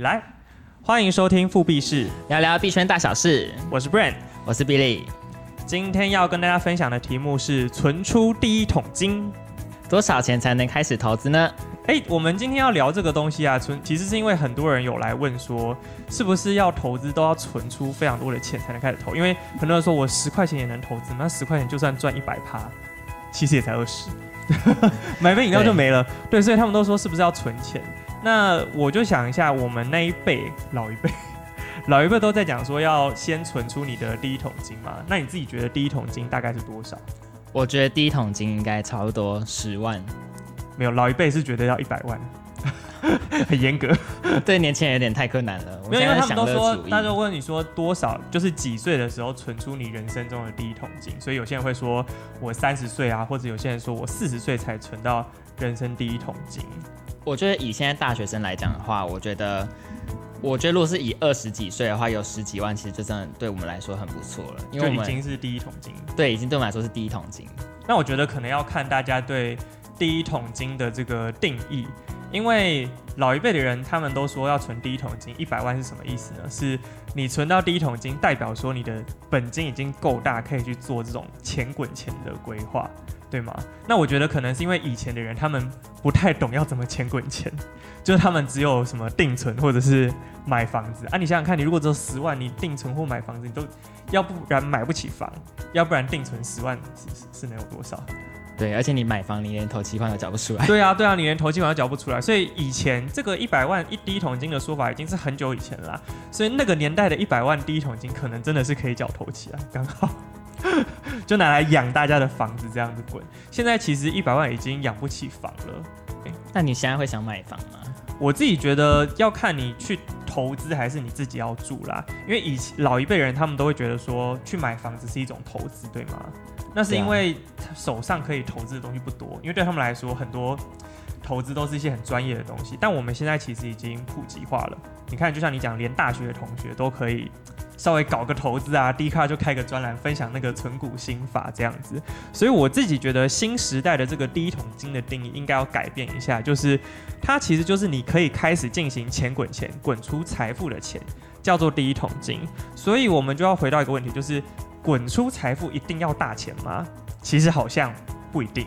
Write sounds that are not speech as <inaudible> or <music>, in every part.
來，歡迎收聽富幣事，聊聊幣圈大小事。我是 Brent。我是 Billy。今天要跟大家分享的題目是存出第一桶金，多少錢才能開始投資呢？誒，我們今天要聊這個東西啊，存其實是因為很多人有來問說，是不是要投資都要存出非常多的錢才能開始投？因為很多人說，我十塊錢也能投資，那十塊錢就算賺一百趴，其實也才二十， <laughs> 買杯飲料就沒了。對，對，所以他們都說，是不是要存錢？那我就想一下，我們那一輩老一輩，老一輩都在講說要先存出你的第一桶金嘛。那你自己覺得第一桶金大概是多少？我覺得第一桶金應該差不多十萬，沒有老一輩是覺得要一百萬， <laughs> 很嚴格， <laughs> 對年輕人有點太困難了。我沒有因為他們都說，大家就問你說多少，就是幾歲的時候存出你人生中的第一桶金，所以有些人會說我三十歲啊，或者有些人說我四十歲才存到人生第一桶金。我覺得以現在大學生來講的話，我覺得，我覺得如果是以二十幾歲的話，有十幾萬，其實這真的對我們來說很不錯了，因為已經是第一桶金。對，已經對我們來說是第一桶金。那我覺得可能要看大家對第一桶金的這個定義，因為老一輩的人他們都說要存第一桶金，一百萬是什麼意思呢？是你存到第一桶金，代表說你的本金已經夠大，可以去做這種錢滾錢的規劃。對嗎？那我覺得可能是因為以前的人他們不太懂要怎麼錢滾錢，就是他們只有什麼定存或者是買房子啊。你想想看，你如果只有十萬，你定存或買房子，你都要不然買不起房，要不然定存十萬是,是,是能有多少？對，而且你買房，你連頭期款都繳不出來。對啊，對啊，你連頭期款都繳不出來。所以以前這個一百萬一第一桶金的說法已經是很久以前了啊。所以那個年代的一百萬第一桶金可能真的是可以繳頭期啊，剛好。 <laughs> 就拿來養大家的房子這樣子滾。現在其實一百萬已經養不起房了。欸，那你現在會想買房嗎？我自己覺得要看你去投資還是你自己要住啦。因為以前老一輩人他們都會覺得說去買房子是一種投資，對嗎？那是因為手上可以投資的東西不多，因為對他們來說很多投資都是一些很專業的東西。但我們現在其實已經普及化了。你看，就像你講，連大學的同學都可以。稍微搞個投資啊，D 卡就開個專欄分享那個存股心法這樣子，所以我自己覺得新時代的這個第一桶金的定義應該要改變一下，就是它其實就是你可以開始進行錢滾錢，滾出財富的錢叫做第一桶金，所以我們就要回到一個問題，就是滾出財富一定要大錢嗎？其實好像不一定，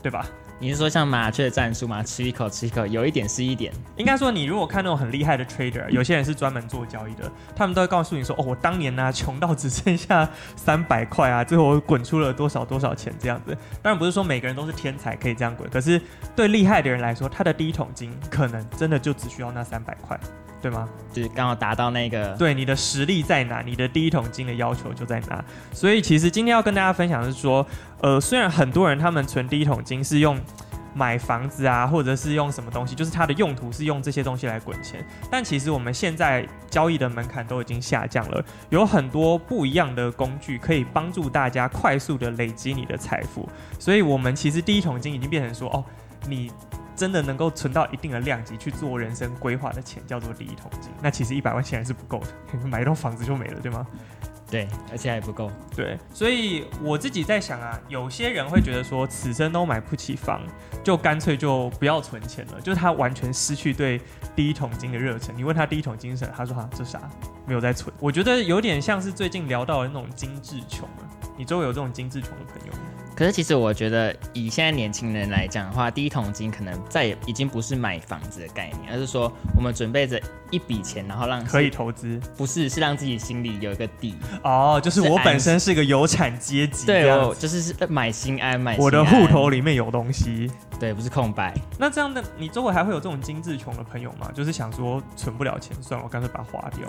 對吧？你是說像麻雀的戰術嗎？吃一口，吃一口，有一點是一點。應該說，你如果看那種很厲害的 trader，有些人是專門做交易的，他們都會告訴你說，哦，我當年呢啊，窮到只剩下三百塊啊，最後我滾出了多少多少錢這樣子。當然不是說每個人都是天才可以這樣滾，可是對厲害的人來說，他的第一桶金可能真的就只需要那三百塊。對嗎？就是剛好達到那個。對，你的實力在哪，你的第一桶金的要求就在哪。所以其實今天要跟大家分享的是說，呃，雖然很多人他們存第一桶金是用買房子啊，或者是用什麼東西，就是它的用途是用這些東西來滾錢。但其實我們現在交易的門檻都已經下降了，有很多不一樣的工具可以幫助大家快速地累積你的財富。所以我們其實第一桶金已經變成說，哦，你。真的能夠存到一定的量級去做人生規劃的錢叫做第一桶金，那其實一百萬顯然是不夠的，買一棟房子就沒了，對嗎？對，而且還不夠。對，所以我自己在想啊，有些人會覺得說此生都買不起房，就乾脆就不要存錢了，就是他完全失去對第一桶金的熱忱。你問他第一桶金是他說哈這啥，沒有在存。我覺得有點像是最近聊到的那種精致窮，你周圍有這種精致窮的朋友嗎？可是其實我覺得，以現在年輕人來講的話，第一桶金可能再也已經不是買房子的概念，而是說我們準備着一筆錢，然後讓可以投資，不是是讓自己心裡有一個底哦，就是我是安本身是一個有產階級，對哦，就是買心安，買心安，我的戶頭裡面有東西，對，不是空白。那這樣的你周圍還會有這種精致窮的朋友嗎？就是想說存不了錢，算了，我乾脆把它花掉。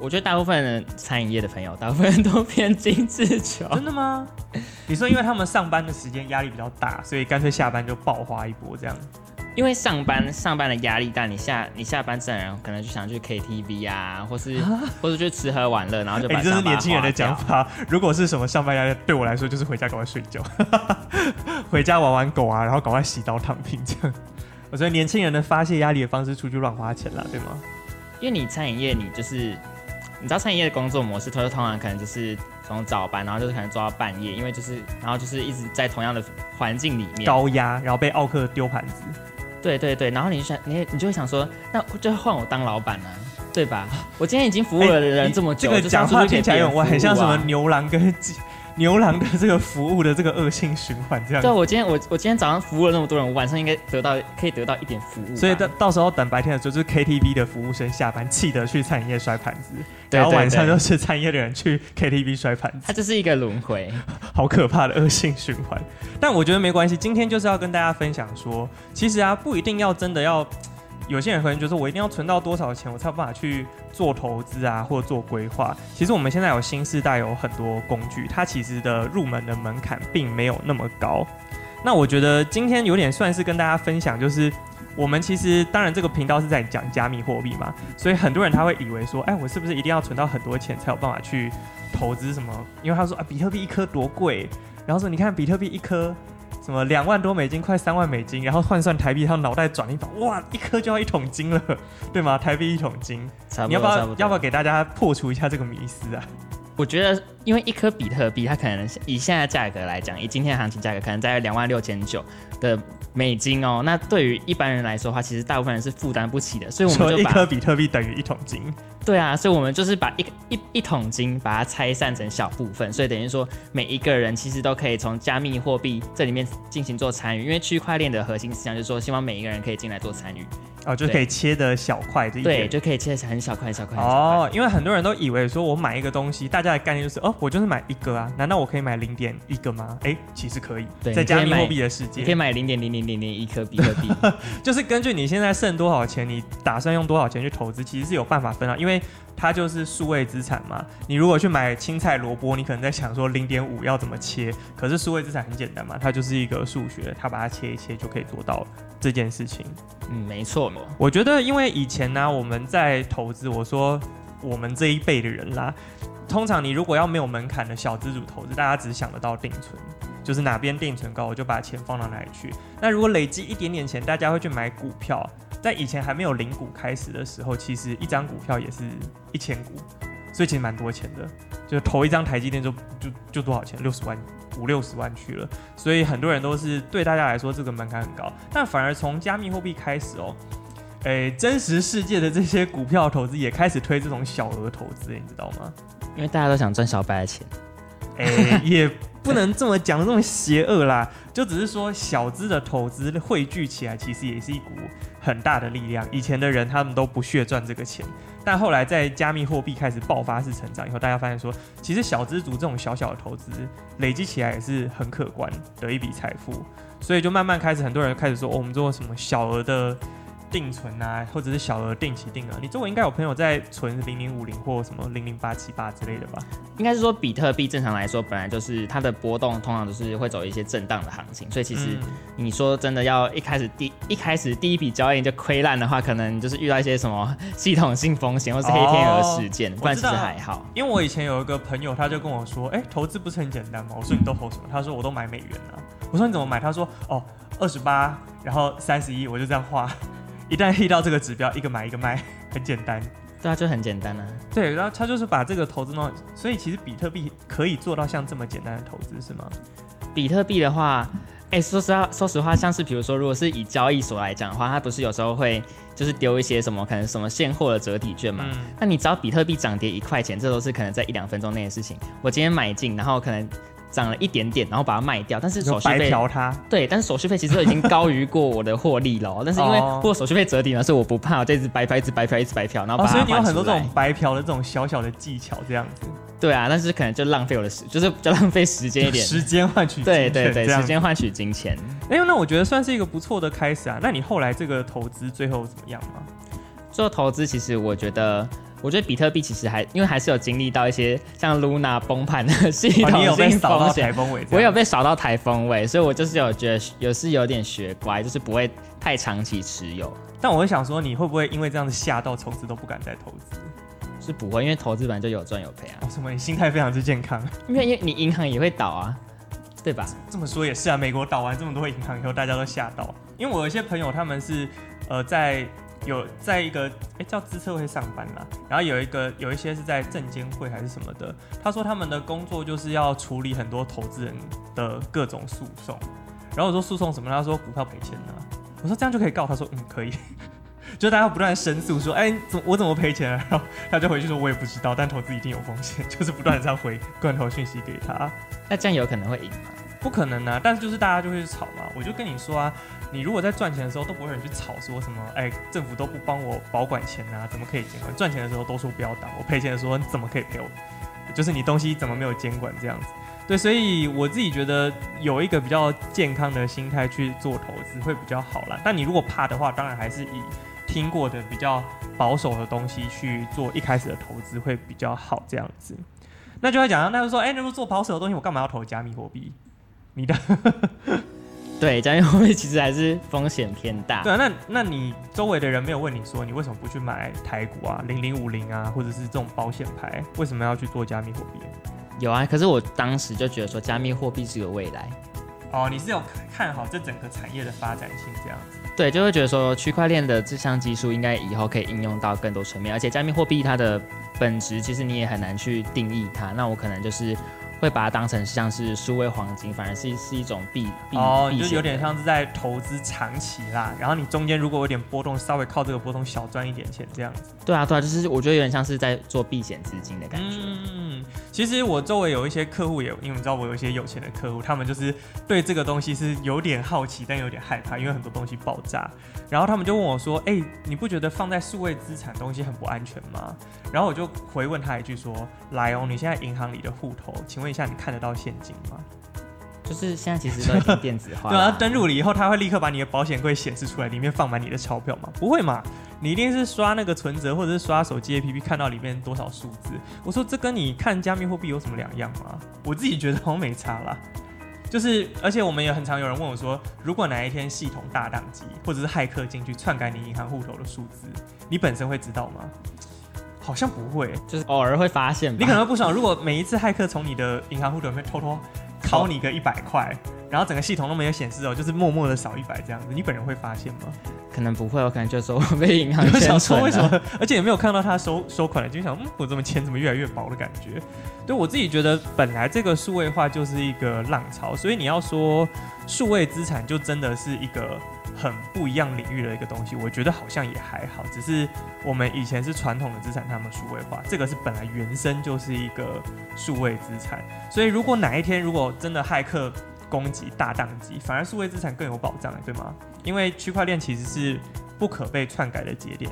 我覺得大部分的餐飲業的朋友，大部分都偏精致窮，真的嗎？你說因為他們上。 <laughs> 班的時間壓力比較大，所以乾脆下班就爆發一波這樣。因為上班上班的壓力大，你下你下班自然可能就想去 K T V 啊，或是 <laughs> 或者就吃喝玩樂，然後就把，把、欸。你這是年輕人的講法、啊。如果是什麼上班壓、啊， <laughs> 對我來說就是回家趕快睡覺， <laughs> 回家玩玩狗啊，然後趕快洗澡躺平。這樣，我覺得年輕人的發泄壓力的方式，出去亂花錢了，對嗎？因為你餐飲業，你就是你知道餐飲業的工作模式，他說通常可能就是。從早班，然後就是可能抓到半夜，因為就是，然後就是一直在同樣的環境裡面，高壓，然後被奧客丟盤子，對對對，然後你就想，你你就會想說，那就換我當老闆了、啊，對吧？我今天已經服務了人這麼久，欸、這個是是、啊、講話聽起來有我很像什麼牛郎跟。牛郎的這個服務的這個惡性循環，這樣。對，我今天我我今天早上服務了那麼多人，我晚上應該得到可以得到一點服務，所以到到時候等白天的時候，就是 KTV 的服務生下班，氣得去餐飲業摔盤子，對對對，然後晚上就是餐飲業的人去 KTV 摔盤子，它這是一個輪迴，好可怕的惡性循環。 <laughs> 但我覺得沒關係，今天就是要跟大家分享說，其實啊，不一定要真的要。有些人可能就說我一定要存到多少錢，我才有辦法去做投資啊，或做規劃。其實我們現在有新世代，有很多工具，它其實的入門的門檻並沒有那麼高。那我覺得今天有點算是跟大家分享，就是我們其實當然這個頻道是在講加密貨幣嘛，所以很多人他會以為說，哎，我是不是一定要存到很多錢才有辦法去投資什麼？因為他說啊，比特幣一顆多貴，然後說你看比特幣一顆。什麼兩萬多美金，快三萬美金，然後換算台幣，他腦袋轉一轉，哇，一顆就要一桶金了，對嗎？台幣一桶金，差不多，你要不要，要不要給大家破除一下這個迷思啊？我覺得，因為一顆比特幣，它可能以現在價格來講，以今天的行情價格，可能在兩萬六千九的美金哦，那對於一般人來說的話，其實大部分人是負擔不起的，所以我們就把說一顆比特幣等於一桶金，對啊，所以我們就是把一一一桶金把它拆散成小部分，所以等於說每一個人其實都可以從加密貨幣這裡面進行做參與，因為區塊鏈的核心思想就是說，希望每一個人可以進來做參與。哦，就可以切的小塊這一點，對，就可以切成很小塊、小塊。哦，因為很多人都以為說，我買一個東西，大家的概念就是，哦，我就是買一個啊，難道我可以買零點一個嗎？哎、欸，其實可以，對在加密貨幣的世界，你可以買零點零零零零一顆比特幣， <laughs> 就是根據你現在剩多少錢，你打算用多少錢去投資，其實是有辦法分啊，因為。它就是數位資產嘛，你如果去買青菜蘿蔔，你可能在想說零點五要怎麼切，可是數位資產很簡單嘛，它就是一個數學，它把它切一切就可以做到這件事情。嗯，沒錯嘛。我覺得因為以前呢、啊，我們在投資，我說我們這一輩的人啦，通常你如果要沒有門檻的小資主投資，大家只想得到定存，就是哪邊定存高，我就把錢放到哪裡去。那如果累積一點點錢，大家會去買股票。在以前還沒有零股開始的時候，其實一張股票也是一千股，所以其實蠻多錢的。就投一張台積電就就就多少錢？六十萬，五六十萬去了。所以很多人都是對大家來說這個門檻很高。但反而從加密貨幣開始喔，欸，真實世界的這些股票投資也開始推這種小額投資，你知道嗎？因為大家都想賺小白的錢，欸， <laughs> 也不能這麼講這麼邪惡啦，就只是說小資的投資匯聚起來，其實也是一股。很大的力量，以前的人他們都不屑賺這個錢，但後來在加密貨幣開始爆發式成長以後，大家發現說，其實小資族這種小小的投資累積起來也是很可觀的一筆財富，所以就慢慢開始很多人開始說，哦，我們做什麼小額的。定存啊，或者是小額定期定額、啊，你周圍應該有朋友在存零零五零或什麼零零八七八之類的吧？應該是說比特幣，正常來說本來就是它的波動，通常都是會走一些震盪的行情。所以其實你說真的要一開始第、嗯、一開始第一筆交易就虧爛的話，可能就是遇到一些什麼系統性風險，或是黑天鵝事件，不然其實、哦、還好。因為我以前有一個朋友，他就跟我說，哎、欸，投資不是很簡單嗎？我說你都投什麼？他說我都買美元啊。我說你怎麼買？他說哦，二十八，然後三十一，我就這樣花。’一旦遇到這個指標，一個買一個賣，很簡單。對啊，就很簡單啊。對，然後他就是把這個投資弄，所以其實比特幣可以做到像這麼簡單的投資，是嗎？比特幣的話，哎、欸，說實話，說實話，像是比如說，如果是以交易所來講的話，它不是有時候會就是丟一些什麼，可能什麼現貨的折抵券嘛。嗯。那你只要比特幣漲跌一塊錢，這都是可能在一兩分鐘內的事情。我今天買進，然後可能。漲了一點點，然後把它賣掉，但是手續費它，對，但是手續費其實都已經高於過我的獲利了， <laughs> 但是因為或、oh. 手續費折抵嘛，所以我不怕，我這只白嫖，一直白嫖，一直白嫖，然後把、oh, 所以你有很多這種白嫖的這種小小的技巧這樣子。對啊，但是可能就浪費我的時，就是比較浪費時間一點，時間換取，對，對對對，時間換取金錢。哎，那我覺得算是一個不錯的開始啊。那你後來這個投資最後怎麼樣嗎？做投資其實我覺得。我覺得比特幣其實還因為還是有經歷到一些像 Luna 崩盤的系統、啊、有被掃到台風尾，我有被掃到台風尾，所以我就是有覺得有是有點學乖，就是不會太長期持有。但我會想說，你會不會因為這樣子嚇到，從此都不敢再投資？是不會，因為投資本來就有賺有賠啊。哦、為什麼？你心態非常之健康？因為因為你銀行也會倒啊，對吧？這、這麼說也是啊，美國倒完這麼多銀行以後，大家都嚇到、啊。因為我有一些朋友他們是呃在。有在一個哎、欸、叫資策會上班啦，然後有一個有一些是在證監會還是什麼的，他說他們的工作就是要處理很多投資人的各種訴訟，然後我說訴訟什麼？他，他說股票賠錢啊，我說這樣就可以告他，說嗯可以， <laughs> 就大家不斷申訴說哎、欸、怎麼我怎麼賠錢、啊？然後他就回去說我也不知道，但投資一定有風險，就是不斷的這樣回罐頭訊息給他，那這樣有可能會贏嗎、啊？不可能啊，但是就是大家就會吵嘛，我就跟你說啊。你如果在賺錢的時候都不會有人去吵，說什麼，哎、欸，政府都不幫我保管錢吶、啊，怎麼可以監管？賺錢的時候都說不要擋我，賠錢的時候你怎麼可以賠我？就是你東西怎麼沒有監管這樣子？對，所以我自己覺得有一個比較健康的心態去做投資會比較好啦。但你如果怕的話，當然還是以聽過的比較保守的東西去做一開始的投資會比較好這樣子。那就會講到，那就說，哎、欸，如果做保守的東西，我幹嘛要投加密貨幣？你的。 <laughs> 對，加密貨幣其實還是風險偏大。對啊，那那你周圍的人沒有問你說，你為什麼不去買台股啊，零零五零啊，或者是這種保險牌，為什麼要去做加密貨幣？有啊，可是我當時就覺得說，加密貨幣是有未來。哦，你是有看好這整個產業的發展性，這樣子？對，就會覺得說，區塊鏈的這項技術應該以後可以應用到更多層面，而且加密貨幣它的本質其實你也很難去定義它。那我可能就是。會把它當成像是數位黃金，反而是是一種避、避哦，就有點像是在投資長期啦。嗯、然後你中間如果有點波動，稍微靠這個波動小賺一點錢這樣子。對啊，對啊，就是我覺得有點像是在做避險資金的感覺。嗯，其實我周圍有一些客戶也，因為你知道我有一些有錢的客戶，他們就是對這個東西是有點好奇，但有點害怕，因為很多東西爆炸。然後他們就問我說：“哎、欸，你不覺得放在數位資產東西很不安全嗎？”然後我就回問他一句說：“來哦，你現在銀行裡的戶頭，請問你？”一下你看得到現金嗎？就是現在其實都已經電子化，啊、 <laughs> 對啊，登錄了以後，他會立刻把你的保險櫃顯示出來，裡面放滿你的鈔票嗎？不會嘛，你一定是刷那個存摺，或者是刷手機 APP 看到裡面多少數字。我說，這跟你看加密貨幣有什麼兩樣嗎？我自己覺得好像沒差啦。就是，而且我們也很常有人問我說，如果哪一天系統大當機，或者是駭客進去篡改你銀行戶頭的數字，你本身會知道嗎？好像不會，就是偶爾會發現吧。你可能不爽，如果每一次駭客從你的銀行戶口裡面偷偷掏你個一百塊，哦、然後整個系統都沒有顯示哦，就是默默的少一百這樣子，你本人會發現嗎？可能不會，我可能就說我被銀行想說為什麼，而且也沒有看到他收收款了，就想嗯，我怎麼錢怎麼越來越薄的感覺。對，我自己覺得，本來這個數位化就是一個浪潮，所以你要說數位資產就真的是一個。很不一樣領域的一個東西，我覺得好像也還好，只是我們以前是傳統的資產，他們數位化，這個是本來原生就是一個數位資產，所以如果哪一天如果真的駭客攻擊大宕機，反而數位資產更有保障欸，對嗎？因為區塊鏈其實是不可被篡改的節點。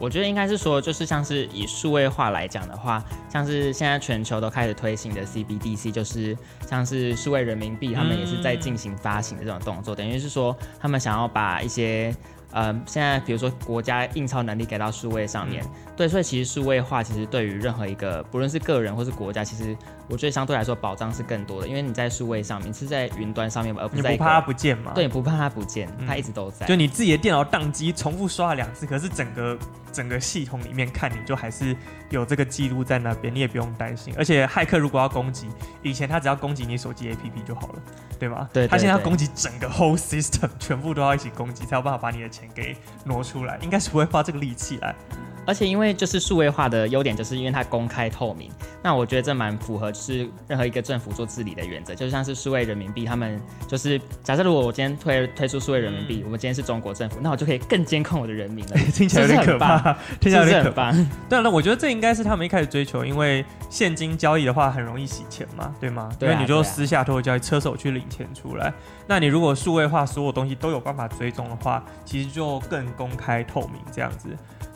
我覺得應該是說，就是像是以數位化來講的話，像是現在全球都開始推行的 CBDC，就是像是數位人民幣，他們也是在進行發行的這種動作，嗯、等於是說他們想要把一些呃，現在比如說國家印鈔能力給到數位上面。嗯、對，所以其實數位化其實對於任何一個，不論是個人或是國家，其實。我覺得相對來說，保障是更多的，因為你在數位上面是在雲端上面，而不你不怕它不見嗎？對，你不怕它不見，它一直都在、嗯。就你自己的電腦當機，重複刷了兩次，可是整個整個系統裡面看，你就還是有這個記錄在那邊，你也不用擔心。而且黑客如果要攻擊，以前他只要攻擊你手機 APP 就好了，對嗎？對,對,對，他現在要攻擊整個 whole system，全部都要一起攻擊，才有辦法把你的錢給挪出來，應該是不會花這個力氣來。嗯而且因為就是數位化的優點，就是因為它公開透明。那我覺得這蠻符合就是任何一個政府做治理的原則。就像是數位人民幣，他們就是假設，如果我今天推推出數位人民幣，嗯、我們今天是中國政府，那我就可以更監控我的人民了、欸。聽起來有點可怕，是是聽起來有點可怕。 <laughs> 對、啊，我覺得這應該是他們一開始追求，因為現金交易的話很容易洗錢嘛，對嗎？對、啊，對啊、你就私下通過交易車手去領錢出來。那你如果數位化，所有東西都有辦法追蹤的話，其實就更公開透明這樣子。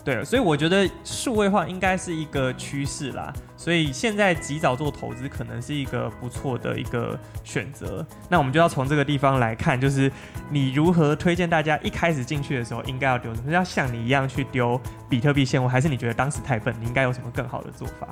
對，所以我覺得數位化應該是一個趨勢啦，所以現在及早做投資可能是一個不錯的一個選擇。那我們就要從這個地方來看，就是你如何推薦大家一開始進去的時候應該要丟什麼？要像你一樣去丟比特幣現貨，還是你覺得當時太笨？你應該有什麼更好的做法？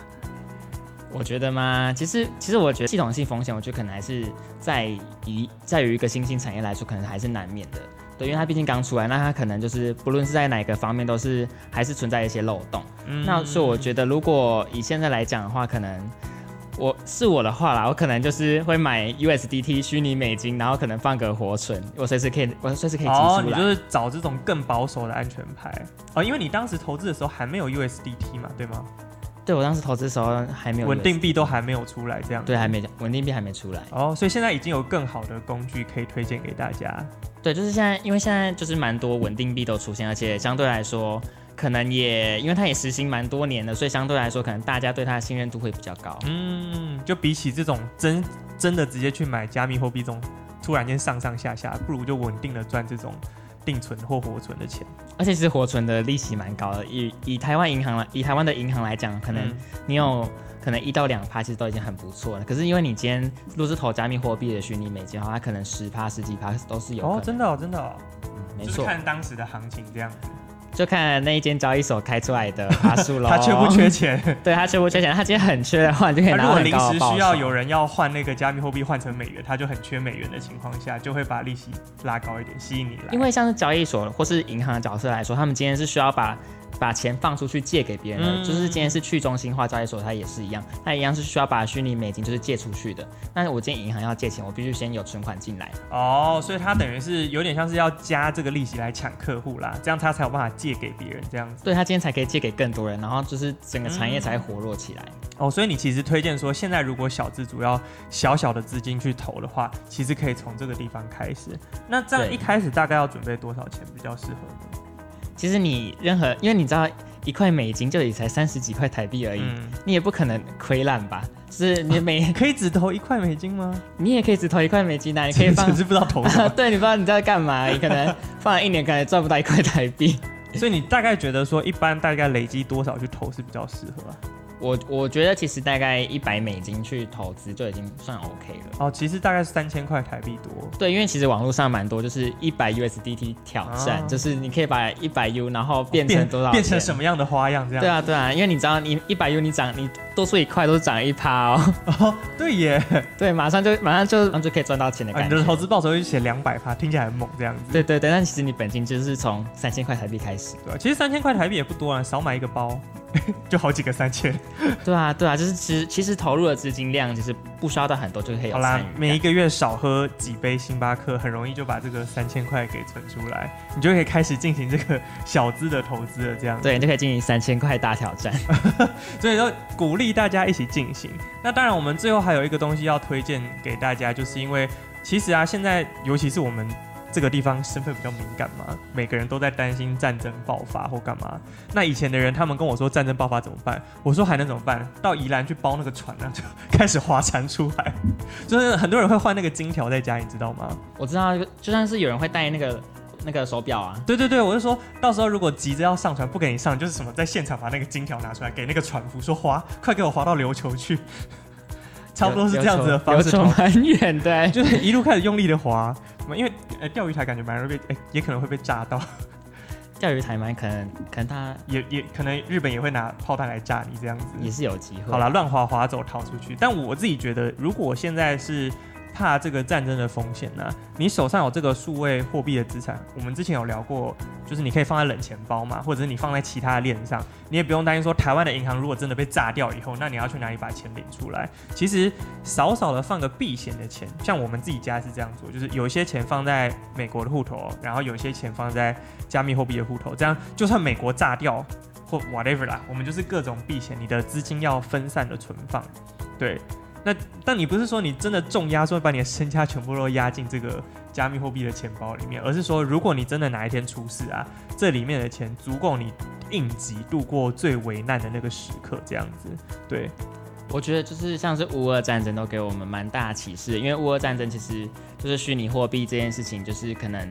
我覺得嘛，其實其實我覺得系統性風險，我覺得可能還是在於在於一個新興產業來說，可能還是難免的。因為它畢竟剛出來，那它可能就是不論是在哪個方面都是還是存在一些漏洞。嗯，那所以，我覺得，如果以現在來講的話，可能我是我的話啦，我可能就是會買 USDT 虛擬美金，然後可能放個活存，我隨時可以，我隨時可以提出來。哦，你就是找這種更保守的安全牌啊。哦，因為你當時投資的時候還沒有 USDT 嘛，對嗎？對，我當時投資的時候還沒有穩定幣都還沒有出來，這樣對，還沒穩定幣還沒出來。哦，所以現在已經有更好的工具可以推薦給大家。對，就是現在，因為現在就是蠻多穩定幣都出現，而且相對來說，可能也因為它也實行蠻多年的，所以相對來說，可能大家對它的信任度會比較高。嗯，就比起這種真真的直接去買加密貨幣這種，突然間上上下下，不如就穩定的賺這種。定存或活存的錢，而且是活存的利息蠻高的，以以台灣銀行來，以台灣的銀行來講，可能你有、嗯、可能一到兩趴，其實都已經很不錯了。可是因為你今天若是投加密貨幣的虛擬美金的話，它可能十趴十幾趴都是有。哦，真的哦，真的哦，沒錯、嗯，看當時的行情這樣子。就看那一間交易所開出來的了， <laughs> 他缺不缺錢，對，他缺不缺錢，他今天很缺的話，就可以拿高。如果臨時需要有人要換那個加密貨幣換成美元，他就很缺美元的情況下，就會把利息拉高一點，吸引你了。因為像是交易所或是銀行的角色來說，他們今天是需要把。把錢放出去借給別人，嗯、就是今天是去中心化交易所，它也是一樣，它一樣是需要把虛擬美金就是借出去的。但是我今天銀行要借錢，我必須先有存款進來。哦，所以它等於是有點像是要加這個利息來搶客戶啦，這樣它才有辦法借給別人這樣子。對，它今天才可以借給更多人，然後就是整個產業才活絡起來。嗯、哦，所以你其實推薦說，現在如果小資主要小小的資金去投的話，其實可以從這個地方開始。那在一開始大概要準備多少錢比較適合呢？其實你任何，因為你知道一塊美金就也才三十幾塊台幣而已，嗯、你也不可能虧爛吧？是你每、啊、可以只投一塊美金嗎？你也可以只投一塊美金，啊，那你可以放，甚至不知道投。 <laughs> 對，你不知道你在幹嘛，你可能放了一年，可能賺不到一塊台幣。所以你大概覺得說，一般大概累積多少去投是比較適合啊？我我覺得其實大概一百美金去投資就已經算 OK 了。哦，其實大概是三千塊台幣多。對，因為其實網絡上蠻多，就是一百 USDT 挑戰，啊、就是你可以把一百 U 然後變成多少、哦變成，變成什麼樣的花樣這樣。對啊對啊，因為你知道你一百 U 你漲，你多出一塊都是漲一趴哦。哦， <laughs> 對耶，對，馬上就馬上就然後就可以賺到錢的感覺。呃、投資報酬就寫兩百趴，聽起來很猛這樣子。對對對，但其實你本金就是從三千塊台幣開始。對啊，其實三千塊台幣也不多啊，少買一個包。 <laughs> 就好幾個三千 <laughs> 對啊，對啊，就是其實其實投入的資金量就是不需要到很多，就可以有參與這樣。好啦，每一個月少喝幾杯星巴克，很容易就把這個三千塊給存出來，你就可以開始進行這個小資的投資了。這樣子，對，你就可以進行三千塊大挑戰。 <laughs> 所以說鼓勵大家一起進行。那當然，我們最後還有一個東西要推薦給大家，就是因為其實啊，現在尤其是我們。這個地方身份比較敏感嘛，每個人都在擔心戰爭爆發或幹嘛。那以前的人，他們跟我說戰爭爆發怎麼辦？我說還能怎麼辦？到宜蘭去包那個船呢，就開始划船出海。就是很多人會換那個金條在家，你知道嗎？我知道，就算是有人會帶那個那個手錶啊。對對對，我就說到時候如果急着要上船不給你上，就是什麼在現場把那個金條拿出來給那個船夫說划，快給我划到琉球去。 <laughs> 差不多是這樣子的方式，很遠。對，就是一路開始用力的划。因為呃釣魚台感覺蠻容易被，也可能會被炸到。釣魚台蠻可能，可能他也也可能日本也會拿炮彈來炸你這樣子。也是有機會。好啦，亂划划走逃出去。但我自己覺得，如果現在是。怕這個戰爭的風險呢、啊？你手上有這個數位貨幣的資產，我們之前有聊過，就是你可以放在冷錢包嘛，或者是你放在其他的鏈上，你也不用擔心說台灣的銀行如果真的被炸掉以後，那你要去哪裡把錢領出來？其實少少的放個避險的錢，像我們自己家是這樣做，就是有一些錢放在美國的戶頭，然後有一些錢放在加密貨幣的戶頭，這樣就算美國炸掉或 whatever 啦，我們就是各種避險，你的資金要分散的存放，對。那但你不是說你真的重壓，說把你的身家全部都壓進這個加密貨幣的錢包裡面，而是說，如果你真的哪一天出事啊，這裡面的錢足夠你應急度過最危難的那個時刻，這樣子。對，我覺得就是像是烏俄戰爭都給我們蠻大的啟示，因為烏俄戰爭其實就是虛擬貨幣這件事情，就是可能。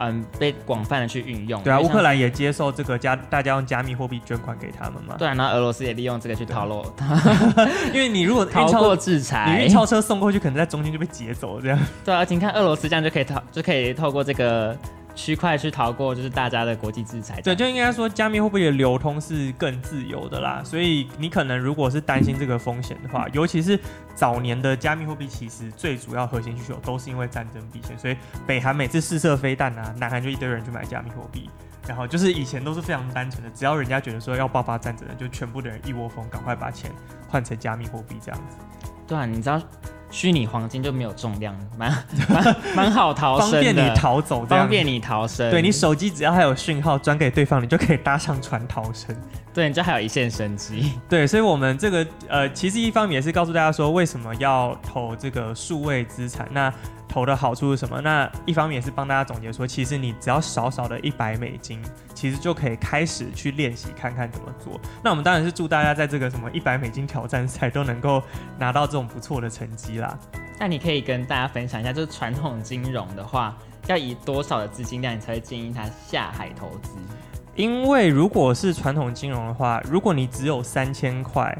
嗯，被廣泛的去運用。對啊，烏克蘭也接受這個加大家用加密貨幣捐款給他們嘛。對啊，那俄羅斯也利用這個去套路。因為你如果逃過制裁，你運鈔車送過去，可能在中間就被劫走這樣。對啊，請看俄羅斯這樣就可以透就可以透過這個。區塊去逃過就是大家的國際制裁，對，就應該說加密貨幣的流通是更自由的啦。所以你可能如果是擔心這個風險的話，尤其是早年的加密貨幣，其實最主要核心需求都是因為戰爭避險。所以北韓每次試射飛彈啊，南韓就一堆人去買加密貨幣，然後就是以前都是非常單純的，只要人家覺得說要爆發戰爭了，就全部的人一窩蜂趕快把錢換成加密貨幣這樣子。對啊，你知道。虛擬黃金就沒有重量，蠻蠻好逃生的，方便你逃走，方便你逃生。對，你手機只要還有訊號，轉給對方，你就可以搭上船逃生。對，你就還有一線生機。對，所以我們這個呃，其實一方面也是告訴大家說，為什麼要投這個數位資產？那。投的好處是什麼？那一方面也是幫大家總結說，其實你只要少少的一百美金，其實就可以開始去練習看看怎麼做。那我們當然是祝大家在這個什麼一百美金挑戰賽都能夠拿到這種不錯的成績啦。那你可以跟大家分享一下，就是傳統金融的話，要以多少的資金量，你才會建議他下海投資？因為如果是傳統金融的話，如果你只有三千塊。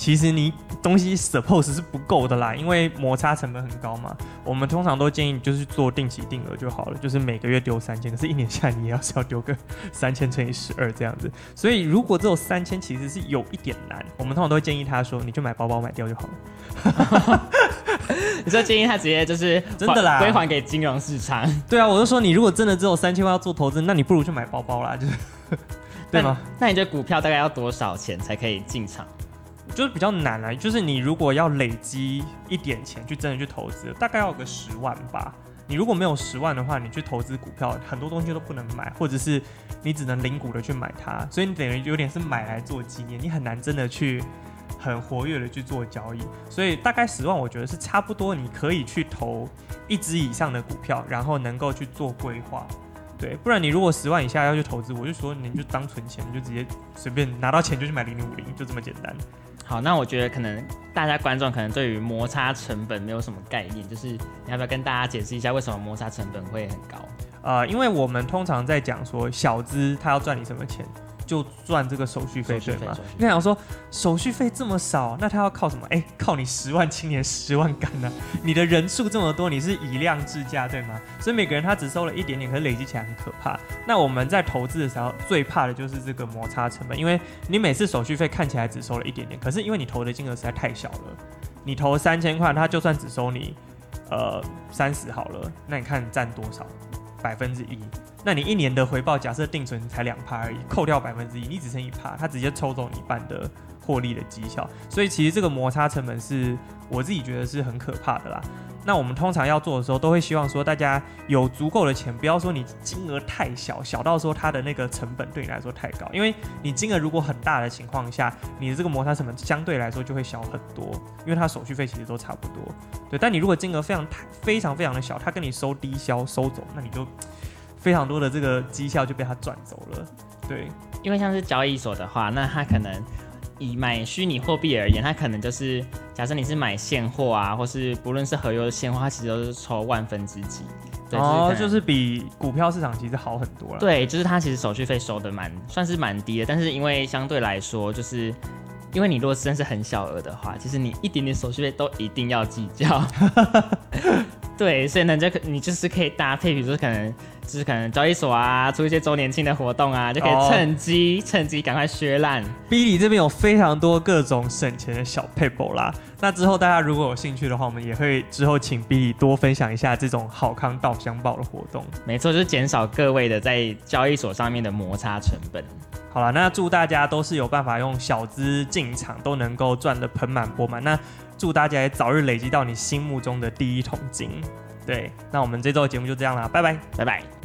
其實你東西 suppose 是不夠的啦，因為摩擦成本很高嘛。我們通常都建議你就是做定期定額就好了，就是每個月丟三千，可是，一年下來你也要是要丟個三千乘以十二這樣子，所以如果只有三千，其實是有一點難。我們通常都會建議他說，你就買包包買掉就好了。 <laughs> <laughs> 你說建議他直接就是真的啦，歸還給金融市場。對啊，我就說你如果真的只有三千塊要做投資，那你不如去買包包啦，就是 <laughs> 對嗎？那你這股票大概要多少錢才可以進場？就是比較難來，就是你如果要累積一點錢去真的去投資，大概要個十萬吧。你如果沒有十萬的話，你去投資股票，很多東西都不能買，或者是你只能零股的去買它，所以你等於有點是買來做紀念，你很難真的去很活躍的去做交易。所以大概十萬，我覺得是差不多，你可以去投一支以上的股票，然後能夠去做規劃。對，不然你如果十萬以下要去投資，我就說你就當存錢，你就直接隨便拿到錢就去買零零五零，就這麼簡單。好，那我覺得可能大家觀眾可能對於摩擦成本沒有什麼概念，就是你要不要跟大家解釋一下為什麼摩擦成本會很高？呃，因為我們通常在講說小資他要賺你什麼錢。就賺這個手續費對嗎？你想說手續費這麼少，那他要靠什麼？哎、欸，靠你十萬青年十萬干呢、啊？你的人數這麼多，你是以量制價對嗎？所以每個人他只收了一點點，可是累積起來很可怕。那我們在投資的時候最怕的就是這個摩擦成本，因為你每次手續費看起來只收了一點點，可是因為你投的金額實在太小了，你投三千塊，他就算只收你呃三十好了，那你看占多少？百分之一。那你一年的回報，假設定存才兩趴而已，扣掉百分之一，你只剩一趴，他直接抽走你一半的獲利的績效，所以其實這個摩擦成本是我自己覺得是很可怕的啦。那我們通常要做的時候，都會希望說大家有足夠的錢，不要說你金額太小，小到說它的那個成本對你來說太高，因為你金額如果很大的情況下，你的這個摩擦成本相對來說就會小很多，因為它手續費其實都差不多。對，但你如果金額非常非常非常的小，它跟你收低消收走，那你就。非常多的這個績效就被他賺走了。對，因為像是交易所的話，那他可能以買虛擬貨幣而言，他可能就是假設你是買現貨啊，或是不論是合約的現貨，他其實都是抽萬分之幾。他、哦、就，就是比股票市場其實好很多了。對，就是他其實手續費收的蠻算是蠻低的，但是因為相對來說，就是因為你如果真是很小額的話，其實你一點點手續費都一定要計較。 <laughs> 對，所以呢，可你就是可以搭配，比如說可能就是可能交易所啊出一些周年慶的活動啊，就可以趁機、哦、趁機趕快削爛。Billy 這邊有非常多各種省錢的小撇步啦，那之後大家如果有興趣的話，我們也會之後請 Billy 多分享一下這種好康道相報的活動。沒錯，就是減少各位的在交易所上面的摩擦成本。好了，那祝大家都是有辦法用小資進場都能夠賺得盆滿缽滿。那祝大家也早日累積到你心目中的第一桶金。對，那我們這週的節目就這樣啦，拜拜，拜拜。